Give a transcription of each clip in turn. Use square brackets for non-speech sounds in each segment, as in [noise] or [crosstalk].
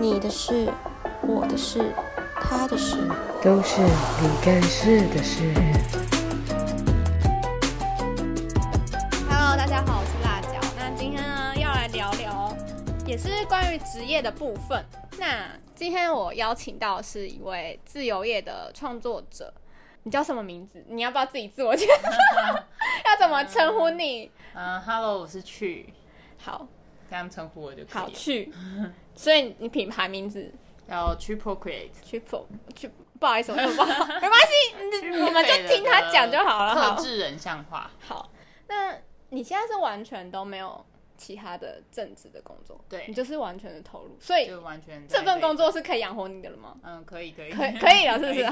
你的事，我的事，他的事，都是里幹事的事。Hello，大家好，我是辣椒。那今天呢，要來聊聊，也是關於職業的部分。那今天我邀請到是一位自由業的創作者，你叫什麼名字？你要不要自己自我介紹？ [laughs] [laughs] 要怎麼稱呼你？嗯、uh,，Hello，我是去。好，這樣稱呼我就可以好。好，去。 [laughs] 所以你品牌名字叫 Chiprocreate Triple，去不好意思，不好意思，沒關係，我們就聽他講就好了，好。特製人像畫。好，那你現在是完全都沒有其他的正職的工作，對，你就是完全的投入，所以就完全這份工作是可以養活你的了嗎？嗯，可以，可以，可可以了，是不是？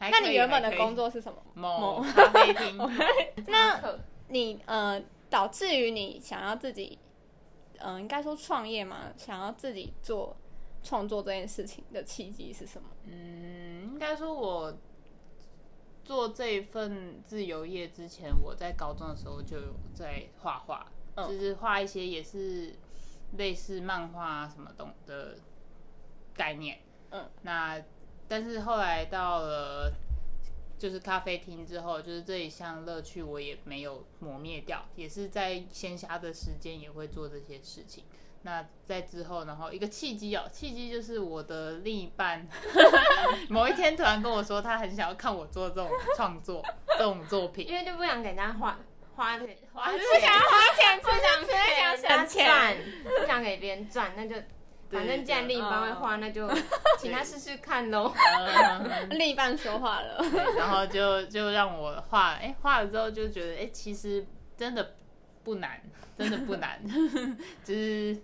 那你原本的工作是什麼？某。那你呃，導致於你想要自己。嗯，應該說創業嘛，想要自己做創作這件事情的契機是什麼？嗯，應該說我做這份自由業之前，我在高中的時候就有在畫畫，嗯、就是畫一些也是類似漫畫什麼東的概念。嗯，那但是後來到了。就是咖啡廳之後，就是這一項樂趣我也沒有磨滅掉，也是在閒暇的時間也會做這些事情。那在之後，然後一個契機哦、喔，契機就是我的另一半 [laughs] 某一天突然跟我說，他很想要看我做這種創作、 [laughs] 這種作品，因為就不想給人家花花，花錢，不想要花錢，吃不想想錢， [laughs] 不想給別人賺，那就。反正既然另一半會畫，那就請他試試看咯。另一半說話了，然後就就讓我畫，哎、欸，畫了之後就覺得，哎、欸，其實真的不難，真的不難。 [laughs] 就是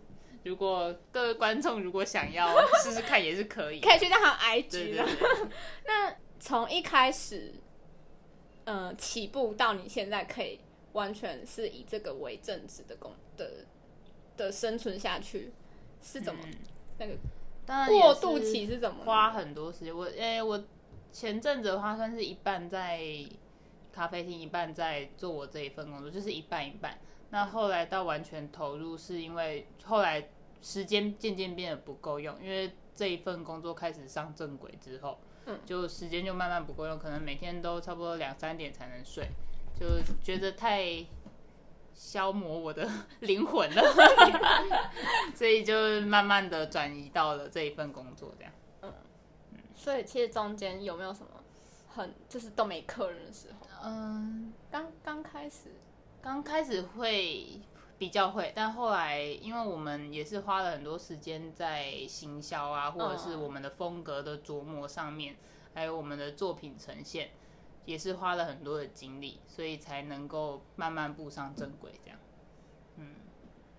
如果各位觀眾如果想要試試看，也是可以，可以去讓他 IG。對對對 [laughs] 那從一開始，呃，起步到你現在可以完全是以這個為正職的工的的生存下去。是怎麼、嗯、那個？過渡期是怎麼是花很多時間？我誒、欸，我前陣子的話，算是一半在咖啡廳，一半在做我這一份工作，就是一半一半。那後來到完全投入，是因為後來時間漸漸變得不夠用，因為這一份工作開始上正軌之後，就時間就慢慢不夠用，可能每天都差不多兩三點才能睡，就覺得太。消磨我的靈魂了， [laughs] [laughs] 所以就慢慢的轉移到了這一份工作，這樣嗯。嗯，所以其實中間有沒有什麼很，就是都沒客人的時候？嗯，剛剛開始，剛開始會比較會，但後來因為我們也是花了很多時間在行銷啊，或者是我們的風格的琢磨上面，還有我們的作品呈現。也是花了很多的精力，所以才能夠慢慢步上正軌，這樣。嗯，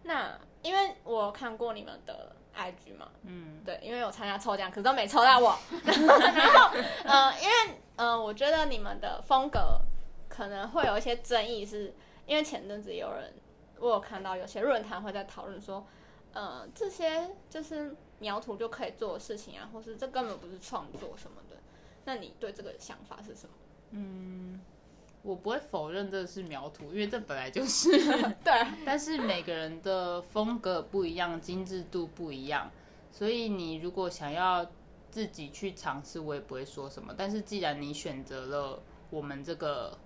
那因為我看過你們的 IG 嘛，嗯，對，因為我參加抽獎，可是都沒抽到我， [laughs] [laughs] 然後，呃，因為，呃，我覺得你們的風格可能會有一些爭議是，是因為前陣子有人我有看到有些論壇會在討論說，呃，這些就是描圖就可以做的事情啊，或是這根本不是創作什麼的，那你對這個想法是什麼？嗯，我不會否認這是描圖，因為這本來就是 [laughs] 對。但是每個人的風格不一樣，精緻度不一樣，所以你如果想要自己去嘗試，我也不會說什麼。但是既然你選擇了我們這個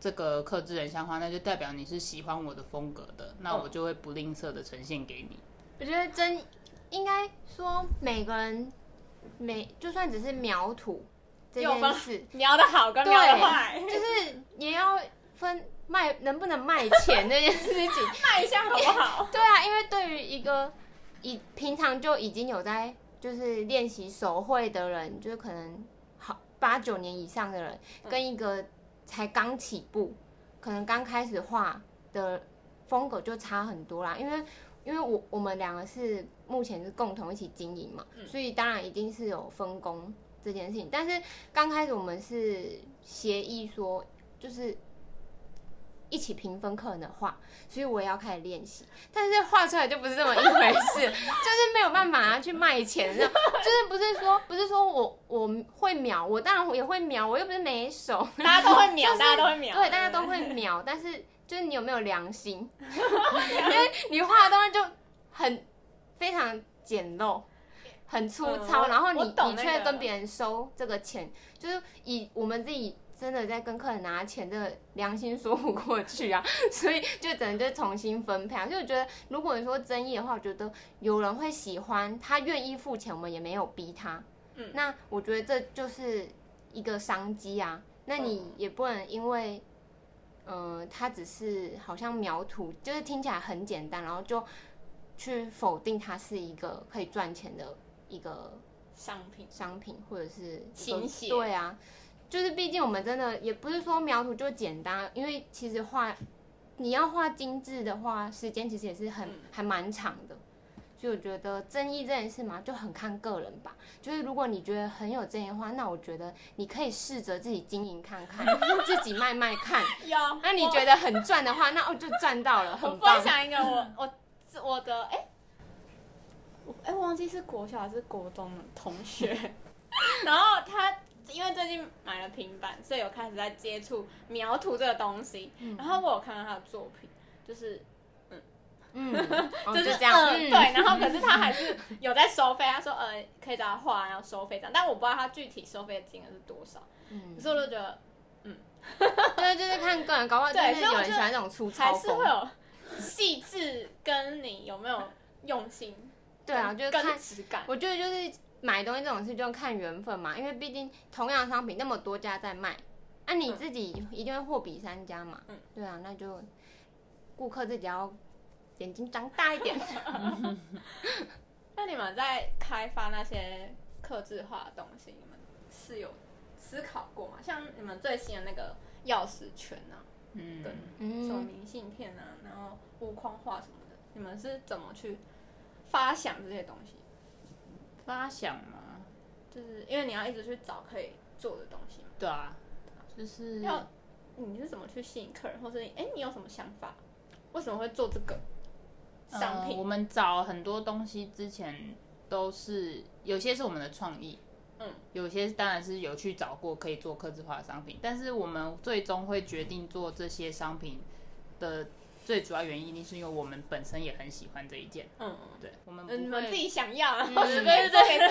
這個客製人像畫，那就代表你是喜歡我的風格的，那我就會不吝嗇的呈現給你。哦、我覺得真應該說，每個人每就算只是描圖。這方式，聊的好跟得壞對壞、啊，就是也要分賣能不能賣錢這 [laughs] 件事情， [laughs] 賣相好不好？對啊，因為對於一個以平常就已經有在就是練習手繪的人，就是可能好八九年以上的人，跟一個才剛起步，嗯、可能剛開始畫的風格就差很多啦。因為因為我我們兩個是目前是共同一起經營嘛，嗯、所以當然一定是有分工，這件事情，但是剛開始我們是協議說，就是一起平分客人的畫，所以我也要開始練習。但是畫出來就不是這麼一回事， [laughs] 就是沒有辦法要去賣錢。 [laughs] 就是不是說不是說我我會描，我當然也會描，我又不是沒手，大家都會描， [laughs] 就是、大家都會描，對，大家都會描。 [laughs] 但是就是你有沒有良心？ [laughs] [laughs] 因為你畫的東西就很非常簡陋。很粗糙，嗯、然後你你卻跟別人收這個錢，就是以我們自己真的在跟客人拿錢，這個良心說不過去啊，所以就只能就重新分配啊。就我覺得，如果你說爭議的話，我覺得有人會喜歡，他願意付錢，我們也沒有逼他。嗯，那我覺得這就是一個商機啊。那你也不能因為，嗯、呃，他只是好像描圖，就是聽起來很簡單，然後就去否定他是一個可以賺錢的。一個商品，商品或者是心血，清解對啊，就是畢竟我們真的也不是說描圖就簡單，因為其實畫你要畫精緻的話，時間其實也是很、嗯、還蠻長的。所以我覺得爭議這件事嘛，就很看個人吧。就是如果你覺得很有爭議的話，那我覺得你可以試着自己經營看看， [laughs] 自己賣賣看。 [laughs] 那你覺得很賺的話， [laughs] 那我就賺到了。很我分享一個 [laughs] 我我我的哎。欸哎，欸、我忘記是國小還是國中的同學， [laughs] [laughs] 然後他因為最近買了平板，所以有開始在接觸描圖這個東西。嗯、然後我有看到他的作品，就是嗯嗯，嗯 [laughs] 就是、哦、就這樣、呃嗯、對。然後可是他還是有在收費，他 [laughs] 說呃可以找他畫，然後收費這樣。但我不知道他具體收費的金額是多少。嗯、可是我就覺得嗯，對，就是看個人高畫，對，所以有喜歡這種粗糙還是會有細緻跟你有沒有用心。 [laughs] 跟對啊，就是看，實感我覺得就是買東西這種事就看緣分嘛，因為畢竟同樣的商品那麼多家在賣，那、啊、你自己一定會貨比三家嘛。嗯、對啊，那就顧客自己要眼睛張大一點。那你們在開發那些客製化的東西，你們是有思考過嗎？像你們最新的那個鑰匙圈啊，嗯，什麼明信片啊，然後木框畫什麼的，嗯、你們是怎麼去？發想這些東西，發想嘛，就是因為你要一直去找可以做的東西嘛。對啊，就是要你是怎麼去吸引客人，或是哎，欸，你有什麼想法？為什麼會做這個商品？呃，我們找很多東西之前都是有些是我們的創意，嗯，有些當然是有去找過可以做客制化的商品，但是我們最終會決定做這些商品的，最主要原因一定是因為我們本身也很喜歡這一件，嗯，對，我們我們自己想要，對對對對對，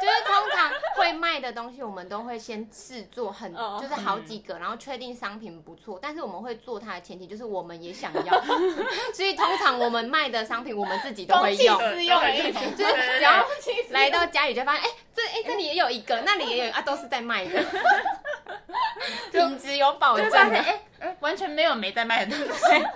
就是通常會賣的東西，我們都會先試做很就是好幾個，然後確定商品不錯，但是我們會做它的前提就是我們也想要，所以通常我們賣的商品我們自己都會用，試用，就是然後來到家裡就發現哎這哎這裡也有一個，那裡也有啊，都是在賣的，品質有保證的，哎完全沒有沒在賣的東西。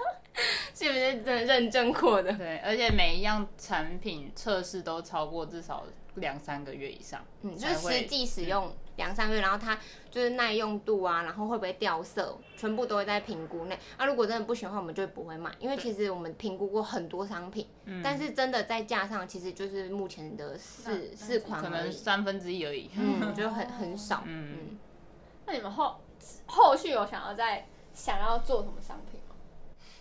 是不是真的認證過的？對，而且每一樣產品測試都超過至少兩三個月以上，嗯，會就實際使用兩三個月，嗯、然後它就是耐用度啊，然後會不會掉色，全部都會在評估內。那、啊、如果真的不行的話，我們就會不會買，因為其實我們評估過很多商品，嗯、但是真的在架上，其實就是目前的四四款，可能三分之一而已，嗯， [laughs] 我覺得很很少。嗯，那你們後後續有想要再想要做什麼商品？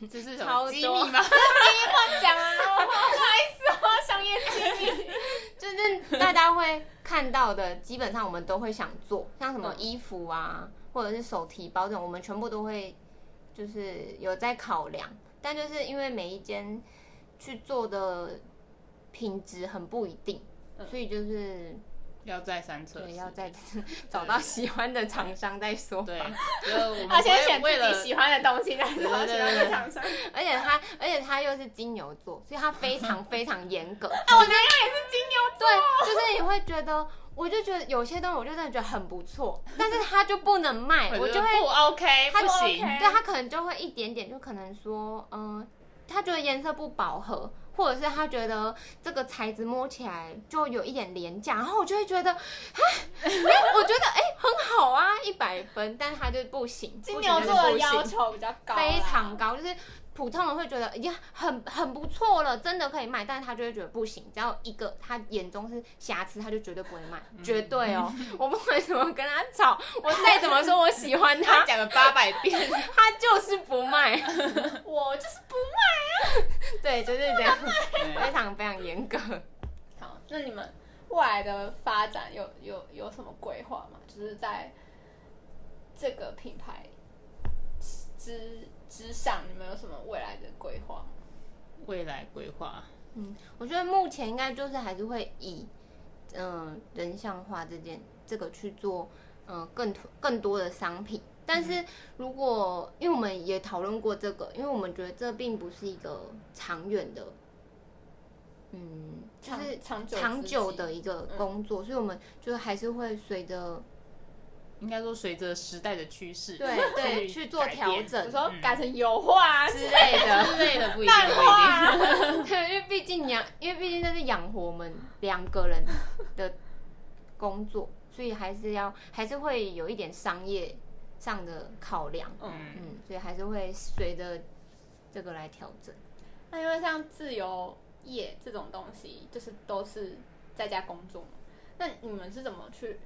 這是什麼機多密嗎？第一亂講啊！不好意思、 [laughs] 喔，商業機密。 [laughs] 就是大家會看到的，基本上我們都會想做，像什麼衣服啊，嗯、或者是手提包這種，我們全部都會就是有在考量。但就是因為每一間去做的品質很不一定，所以就是。嗯要再三寸，對，要再找到喜歡的廠商再說。對，他先選自己喜歡的東西，然後選廠商。而且他，而且他又是金牛座，所以他非常非常嚴格。啊，我覺得他也是金牛座。對，就是你會覺得，我就覺得有些東西，我就真的覺得很不錯，但是他就不能賣，我就會不 OK，不行，對他可能就會一點點，就可能說，嗯，他覺得顏色不飽和。或者是他覺得這個材質摸起來就有一點廉價，然後我就會覺得，啊、 [laughs] 欸，我覺得哎、欸、很好啊，一百分，但是他就不行。金牛座的要求比較高，非常高，就是。普通人會覺得已經很很不錯了，真的可以賣，但是他就會覺得不行，只要一個他眼中是瑕疵，他就絕對不會賣，嗯、絕對哦！嗯、我不管怎麼跟他吵， [laughs] 我再怎麼說我喜歡他，講了 [laughs] 八百遍，他就是不賣， [laughs] 我就是不賣啊！ [laughs] 對，就是這樣，啊、非常非常嚴格。 [laughs] 好，那你們未來的發展有有有什麼規劃嗎？就是在這個品牌之。之上，你們有什麼未來的規劃？未來規劃，嗯，我覺得目前應該就是還是會以嗯、呃、人像畫這件這個去做，嗯、呃、更更多的商品。但是如果、嗯、因為我們也討論過這個，因為我們覺得這並不是一個長遠的，嗯，就是長，長久長久的一個工作，嗯、所以我們就還是會隨着。應該說，隨着時代的趨勢， [laughs] 對對，去做調整，我說改成油畫之類的之類的，漫畫， [laughs] [laughs] 因為畢竟養，因為畢竟那是養活我們兩個人的工作，所以還是要還是會有一點商業上的考量。嗯嗯，所以還是會隨着這個來調整。嗯、那因為像自由業這種東西，就是都是在家工作，那你們是怎麼去？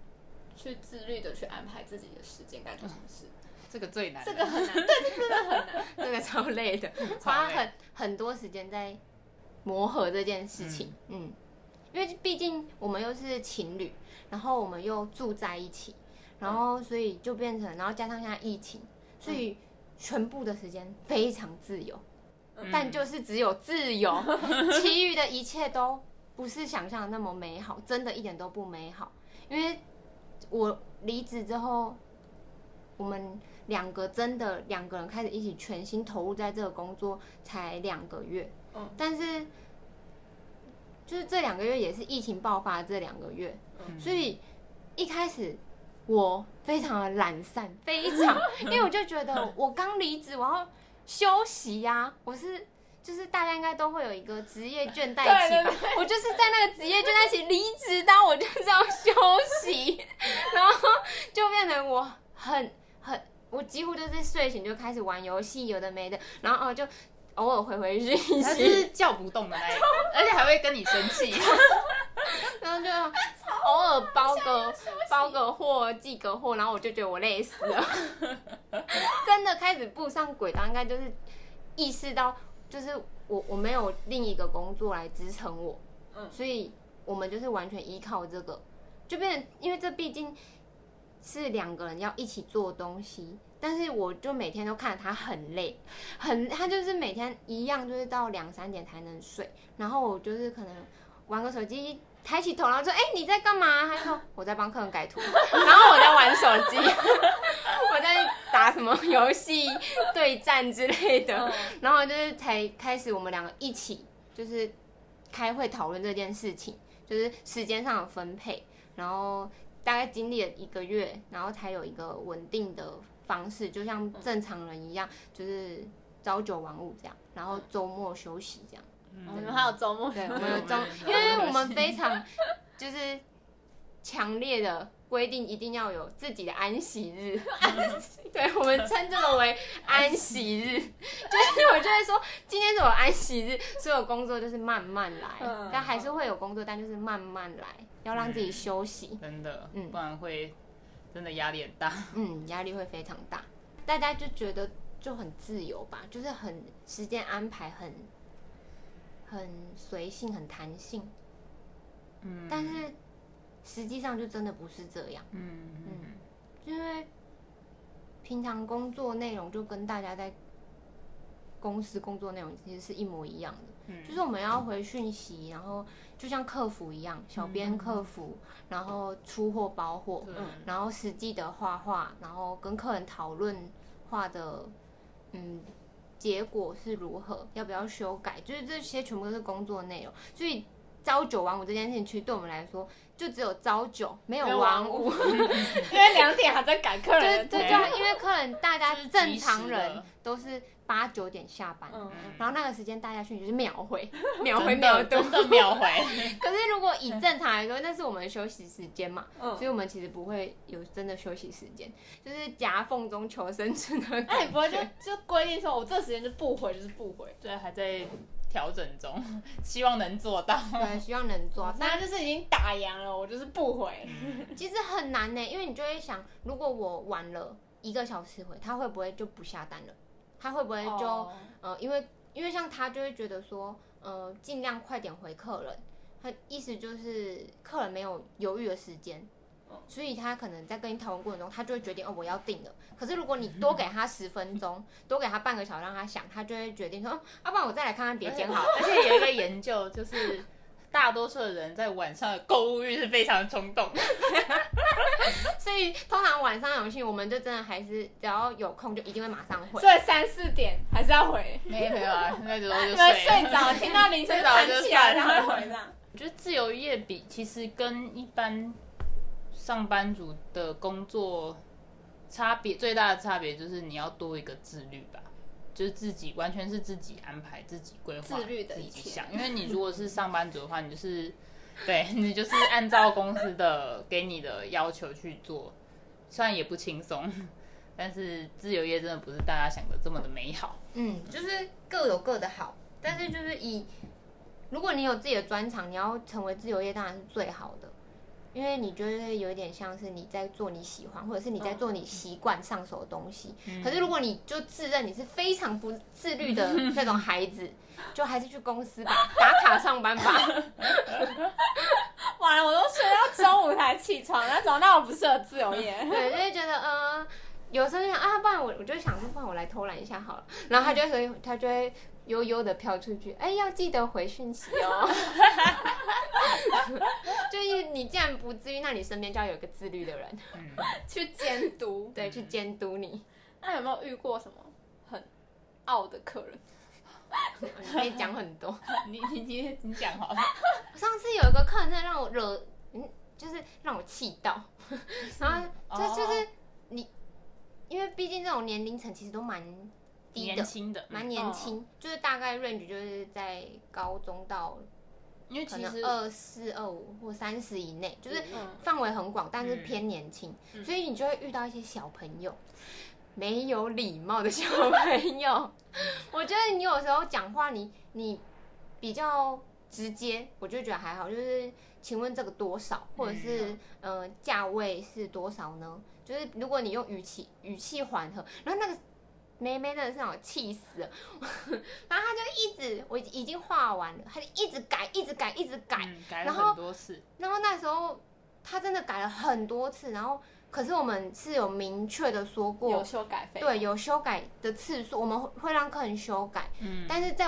去自律的去安排自己的時間該做什麼事，嗯，這個最難，這個很難，對，這個真的很難， [laughs] 這個超累的，花累很很多時間在磨合這件事情，嗯，嗯，因為畢竟我們又是情侶，然後我們又住在一起，然後所以就變成，嗯、然後加上現在疫情，所以、嗯、全部的時間非常自由，嗯、但就是只有自由，嗯、 [laughs] 其餘的一切都不是想象的那麼美好，真的一點都不美好，因為。我離職之後，我們兩個真的兩個人開始一起全心投入在這個工作，才兩個月。嗯，但是就是這兩個月也是疫情爆發這兩個月，嗯，所以一開始我非常的懶散，非常， [laughs] 因為我就覺得我剛離職，我要休息呀，啊，我是。就是大家應該都會有一個職業倦怠期吧，的我就是在那個職業倦怠期離職， [laughs] 當我就是要休息，然後就變成我很很，我幾乎就是睡醒就開始玩遊戲，有的沒的，然後哦就偶爾回回訊息， [laughs] 啊就是叫不動的那一、個、種， [laughs] 而且還會跟你生氣， [laughs] [laughs] 然後就偶爾包個包個貨，寄個貨，然後我就覺得我累死了， [laughs] 真的開始步上軌道，應該就是意識到。就是我我沒有另一個工作來支撐我，所以我們就是完全依靠這個，就變成因為這畢竟是兩個人要一起做東西，但是我就每天都看他很累，很他就是每天一樣就是到兩三點才能睡，然後我就是可能玩個手機，抬起頭然後說哎，欸，你在幹嘛啊？他說我在幫客人改圖，然後我在玩手機。 [laughs] [laughs] 打什麼遊戲對戰之類的，然後就是才開始我們兩個一起就是開會討論這件事情，就是時間上的分配，然後大概經歷了一個月，然後才有一個穩定的方式，就像正常人一樣，就是朝九晚五這樣，然後週末休息這樣。嗯，對，還有週末，對，我們有週，們因為我們非常就是強烈的。規定一定要有自己的安息日，嗯、 [laughs] 對，我們稱這個為安息日，嗯、安息，就是我就會說今天是我安息日，所有工作就是慢慢來，嗯、但還是會有工作，嗯、但就是慢慢來，要讓自己休息。真的，嗯，不然會、嗯、真的壓力很大，嗯，壓力會非常大。大家就覺得就很自由吧，就是很時間安排很很隨性、很彈性，嗯、但是。實際上就真的不是這樣，嗯嗯，嗯，因為平常工作內容就跟大家在公司工作內容其實是一模一樣的，嗯、就是我們要回訊息，嗯、然後就像客服一樣，小編客服，嗯、然後出貨包貨，嗯、然後實際的畫畫，然後跟客人討論畫的，嗯，結果是如何，要不要修改，就是這些全部都是工作內容，所以。朝九晚五這件事情，其實對我們來說，就只有朝九，沒有晚五， [laughs] 因為兩點還在趕客人。對對對，就 [laughs] 因為客人大家正常人，都是八九點下班，嗯、然後那個時間大家去就是秒回，秒回秒讀，真的真的秒回。 [laughs] [laughs] 可是如果以正常來說，那是我們的休息時間嘛，嗯、所以我們其實不會有真的休息時間，嗯、就是夾縫中求生存的那、欸、不會就就規定說，我這時間就不回，就是不回。對，還在。調整中，希望能做到。對，希望能做到。大家就是已經打烊了，我就是不回。其實很難呢、欸，因為你就會想，如果我晚了一個小時回，他會不會就不下單了？他會不會就、oh. 呃，因為因為像他就會覺得說，呃，盡量快點回客人，他意思就是客人沒有猶豫的時間。所以他可能在跟你討論過程中，他就會決定哦，我要定了。可是如果你多給他十分鐘， [laughs] 多給他半個小時讓他想，他就會決定說，要、啊、不然我再來看看別間好了。而且有一個研究就是，大多數的人在晚上的購物慾是非常衝動。 [laughs] [laughs] 所以通常晚上有信，我們就真的還是只要有空就一定會馬上回。所以三四點還是要回。 [laughs] 沒有沒有、啊，現、那、在、個、就睡。可能睡着 [laughs] 聽到鈴聲，睡着就起來，然後會回的。我覺得自由業比其實跟一般上班族的工作差別最大的差別就是你要多一個自律吧，就是自己完全是自己安排、自己規劃、自律的自己想。因為你如果是上班族的話，你就是對你就是按照公司的給你的要求去做，雖然也不輕鬆，但是自由業真的不是大家想的這麼的美好。嗯，就是各有各的好，但是就是以如果你有自己的專長，你要成為自由業，當然是最好的。因為你覺得有一點像是你在做你喜歡，或者是你在做你習慣上手的東西。嗯、可是如果你就自認你是非常不自律的那種孩子， [laughs] 就還是去公司吧，打卡上班吧。完了，我都睡到中午才起床 [laughs] 那種，那我不適合自由業。對，就會覺得呃，有時候就想啊，不然我我就想說，不然我來偷懶一下好了。然後他就會，嗯、他就會。悠悠的飄出去，哎、欸，要記得回訊息哦、喔。 [laughs] [laughs] 就是你既然不自律，那你身邊就要有一個自律的人、嗯、 [laughs] 去監督，對，去監督你、嗯。那有沒有遇過什麼很傲的客人？ [laughs] 你可以講很多， [laughs] 你你你你講好了。我上次有一個客人，真的讓我惹，嗯，就是讓我氣到。 [laughs] 然後就、哦、就是你，因為畢竟這種年齡層其實都蠻。年輕的，蠻年輕，嗯、就是大概 range 就是在高中到，因為其實二四二五或三十以內，就是範圍很廣，嗯、但是偏年輕，嗯、所以你就會遇到一些小朋友沒有禮貌的小朋友。 [laughs] 我覺得你有時候講話你，你你比較直接，我就覺得還好，就是請問這個多少，或者是嗯，呃、價位是多少呢？就是如果你用語氣語氣緩和，然後那個。妹妹真的是讓我氣死了，然後她就一直，我已已經畫完了，她就一直改，一直改，一直改，改了很多次。然後那時候她真的改了很多次，然後可是我們是有明確的說過有修改費，對，有修改的次數，我們會會讓客人修改，但是在。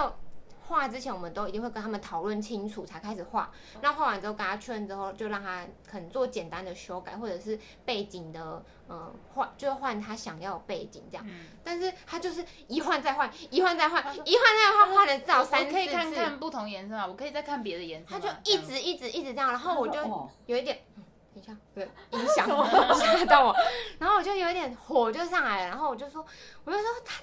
畫之前我們都一定會跟他們討論清楚才開始畫，哦、那畫完之後跟他確認之後，就讓他可能做簡單的修改，或者是背景的嗯換、呃，就換他想要的背景這樣。嗯、但是他就是一換再換，一換再換，說一換再換，換了至少三。我可以看看不同顏色啊，我可以再看別的顏色。他就一直一直一直這樣，然後我就有一點，哦哦嗯、等一下，對，影響我嚇到我，然後我就有一點火就上來了，然後我就說，我就說他。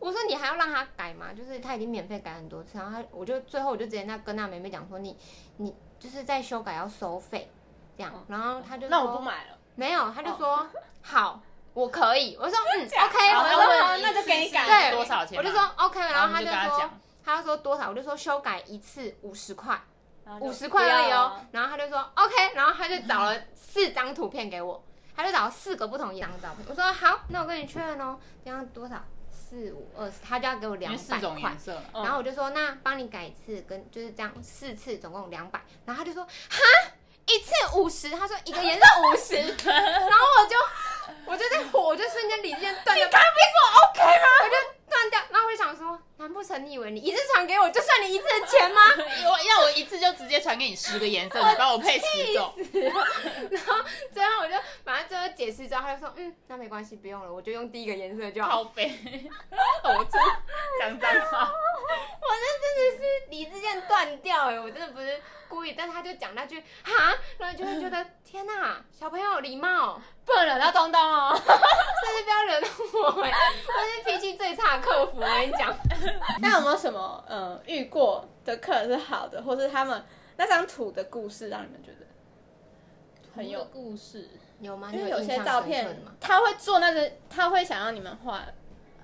我說你還要讓他改嗎？就是他已經免費改很多次，然後我就最後我就直接那跟那妹妹講說，你你就是在修改要收費，這樣，然後他就說那我不買了，沒有，他就說好，我可以，我說嗯，OK，我說那就給你改，對，多少錢？我就說 OK，然後他就說，他說多少？我就說修改一次五十塊，五十塊而已哦，然後他就說 OK，然後他就找了四張圖片給我，他就找了四個不同一張照片，我說好，那我跟你確認哦，這樣多少？四五二十，他就要給我兩百塊。四種顏色然後我就說、嗯、那幫你改一次，跟就是這樣四次總共兩百，然後他就說哈，一次五十，他說一個顏色五十，然後我就我就在火，我就瞬間理智斷掉。你開逼我 OK 嗎？我就斷掉，那我就想說，難不成你以為你一次傳給我就算你一次的錢嗎？我要我一次就直接傳給你十個顏色， [laughs] 你幫我配十種， [laughs] 然後最後我就。解釋之後，他就說：“嗯，那沒關係，不用了，我就用第一個顏色就好。”靠北，我真想贊法，我那真的是理智線斷掉哎、欸！我真的不是故意，但他就講那句“哈”，然後就會覺得天哪、啊，小朋友禮貌，不能惹到東東哦， [laughs] 甚至不要惹到我哎、欸！我是脾氣最差客服我，我跟你講。那有沒有什麼嗯、呃、遇過的客人是好的，或是他們那張圖的故事讓你們覺得很有故事？有嗎？有嗎？因為有些照片，他會做那個，他會想讓你們畫，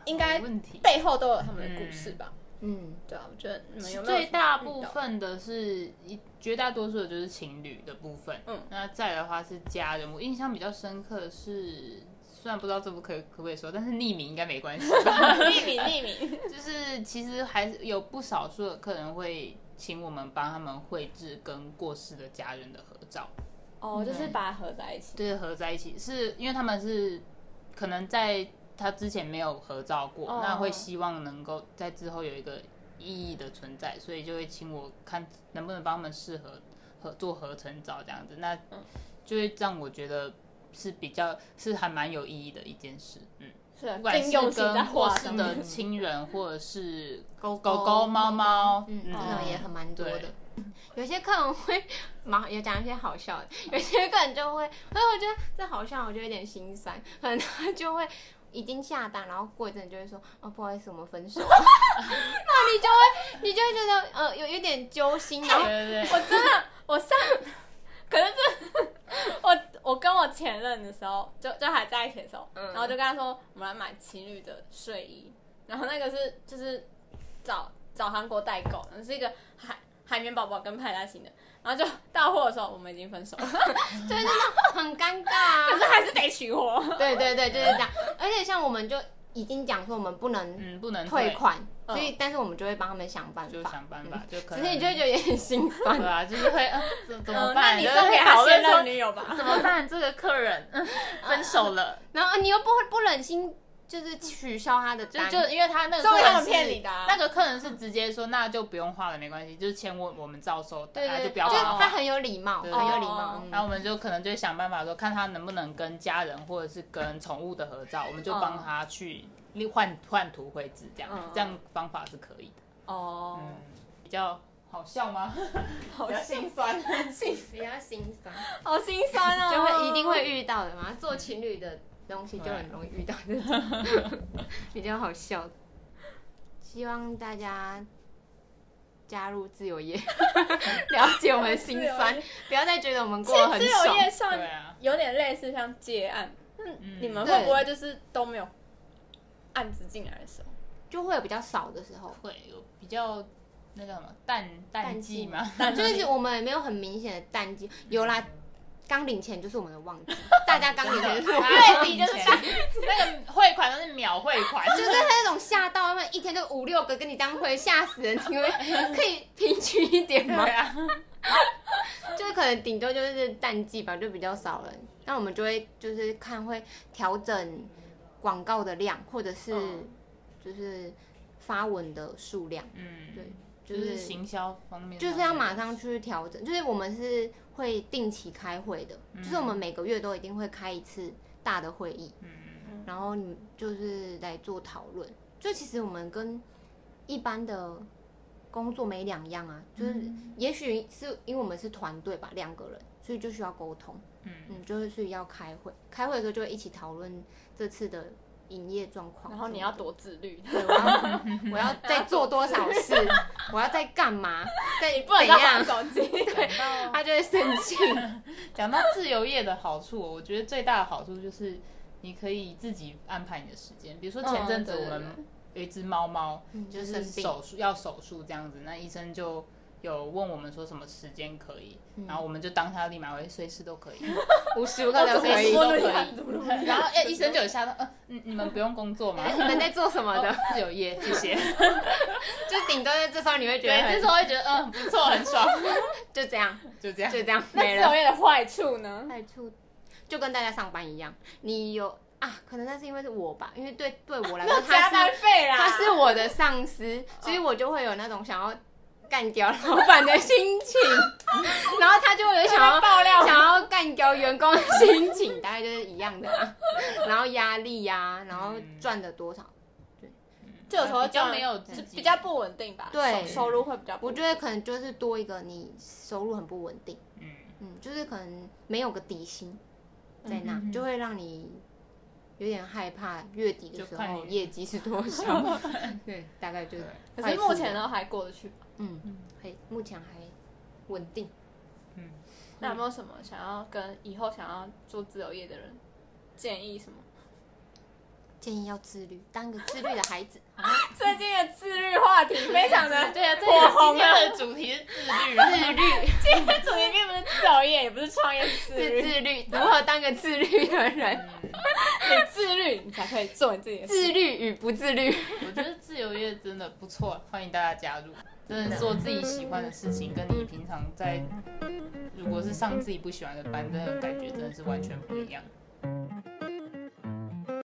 應該背後都有他們的故事吧？嗯，嗯對啊，我覺得沒有。最大部分的是一絕大多數的就是情侶的部分，嗯，那再的話是家人。我印象比較深刻的是，雖然不知道這部可可不可以說，但是匿名應該沒關係。 [laughs] [laughs] 匿名匿名，就是其實還是有不少數的客人會請我們幫他們繪製跟過世的家人的合照。哦，oh, 嗯、哼就是把它合在一起。對，合在一起，是因為他們是可能在他之前沒有合照過，oh. 那會希望能夠在之後有一個意義的存在，所以就會請我看能不能幫他們適合合做合成照這樣子，那就會讓我覺得是比較是還蠻有意義的一件事，嗯，是啊、不管是跟過去的，的親人， [laughs] 或者是狗狗貓貓，嗯嗯，真的也很蠻多的。有些客人會嘛，也講一些好笑的，有些客人就會，所以我覺得這好笑，我就有點心酸。可能他就會已經下單，然後過一陣就會說：“哦，不好意思，我們分手。” [laughs] [laughs] 那你就會，你就會覺得呃有有點揪心。然後對對對，我真的，我上，可能是我我跟我前任的時候，就就還在一起的時候，嗯，然後就跟他說：“我們來買情侶的睡衣。”然後那個是就是找找韓國代購，是一個還。海綿寶寶跟派大星的，然後就到貨的時候，我們已經分手了，就是很尷尬，可是還是得取貨。對對對，就是這樣。而且像我們就已經講說，我們不能不能退款，所以但是我們就會幫他們想辦法，想辦法。就可是你就覺得也很心酸啊，就是會怎怎麼辦？你都可以先論女友吧？怎麼辦？這個客人分手了，然後你又不會不忍心。就是取消他的單，就就因為他那個客人是，那個客人是直接說，那就不用畫了，沒關係，就是簽我我們照收，對對對，就他很有禮貌，很有禮貌。然後我們就可能就想辦法說，看他能不能跟家人或者是跟寵物的合照，我們就幫他去換換圖繪製這樣，這樣方法是可以的。哦，比較好笑嗎？好心酸，比較心酸，好心酸哦。就會一定會遇到的嘛，做情侶的。東西就很容易遇到，這、啊、 [laughs] 比較好笑，希望大家加入自由業，了解我們的心酸，不要再覺得我們過很爽。自由業上有點類似像接案，嗯、你們會不會就是都沒有案子進來的時候，就會有比較少的時候，會有比較那個什麼淡淡季嘛？淡季就是我們沒有很明顯的淡季，有啦。剛領錢就是我們的旺季， [laughs] 大家剛領錢就吐一 [laughs] 那個匯款都是秒匯款， [laughs] 就是他那種嚇到，因為一天就五六個跟你當會嚇死人。請問可以平均一點嗎？ [laughs] [laughs] 就是可能頂多就是淡季吧，就比較少人。那我們就會就是看會調整廣告的量，或者是就是發文的數量，嗯，對。就是行銷方面，就是要馬上去調整。就是我們是會定期開會的，就是我們每個月都一定會開一次大的會議。嗯，然後你就是來做討論。就其實我們跟一般的工作沒兩樣啊，就是也許是因為我們是團隊吧，兩個人，所以就需要溝通。嗯，就是所以要開會，開會的時候就會一起討論這次的。營業狀況，然後你要多自律，我要對 [laughs] 我要再做多少事，要 [laughs] 我要再幹嘛？ [laughs] 對，不能玩手機，對，他就會生氣。講到自由業的好處、哦，我覺得最大的好處就是你可以自己安排你的時間。比如說前陣子我們有一隻貓貓就是手術、嗯、要手術這樣子，病那醫生就有問我們說什麼時間可以，嗯、然後我們就當他立馬為隨、哎、時都可以，無時無刻都可以。 [laughs] 然後、欸、醫生就有嚇到，呃，你你們不用工作嗎？欸、你們在做什麼的？ [laughs] 自由業，謝謝。 [laughs] 就頂多在這時候你會覺得，這時候會覺得，嗯、呃，不錯，很爽。就這樣，就這樣，就這樣，就這樣沒了。那自由業的壞處呢？壞處就跟大家上班一樣，你有啊？可能那是因為是我吧，因為對對我來說他是、啊、他是我的上司，所以我就會有那種想要。幹掉老闆的心情，然後他就有想要爆料、想要幹掉員工的心情，大概就是一樣的、啊。然後壓力呀、啊，然後賺的多少，對，這個時候就沒有，對 比較不穩定吧。對，收入會比較不穩定。我覺得可能就是多一個，你收入很不穩定。嗯嗯，就是可能沒有個底薪在那，就會讓你有點害怕月底的時候業績是多少。 [laughs] 對，對 大概就是。可是目前呢，還過得去。嗯，還目前還穩定。嗯，那有沒有什麼想要跟以後想要做自由業的人建議什麼？建議要自律，當個自律的孩子。最近的自律話題非常的火紅。今天的主題是自律，自律。今天的主題並不是自由業，也不是創業，自律、自律，如何當個自律的人？自律，你才可以做你自己。自律與不自律，我覺得自由業真的不錯，歡迎大家加入。真的做自己喜歡的事情，跟你平常在如果是上自己不喜歡的班，真的感覺真的是完全不一樣。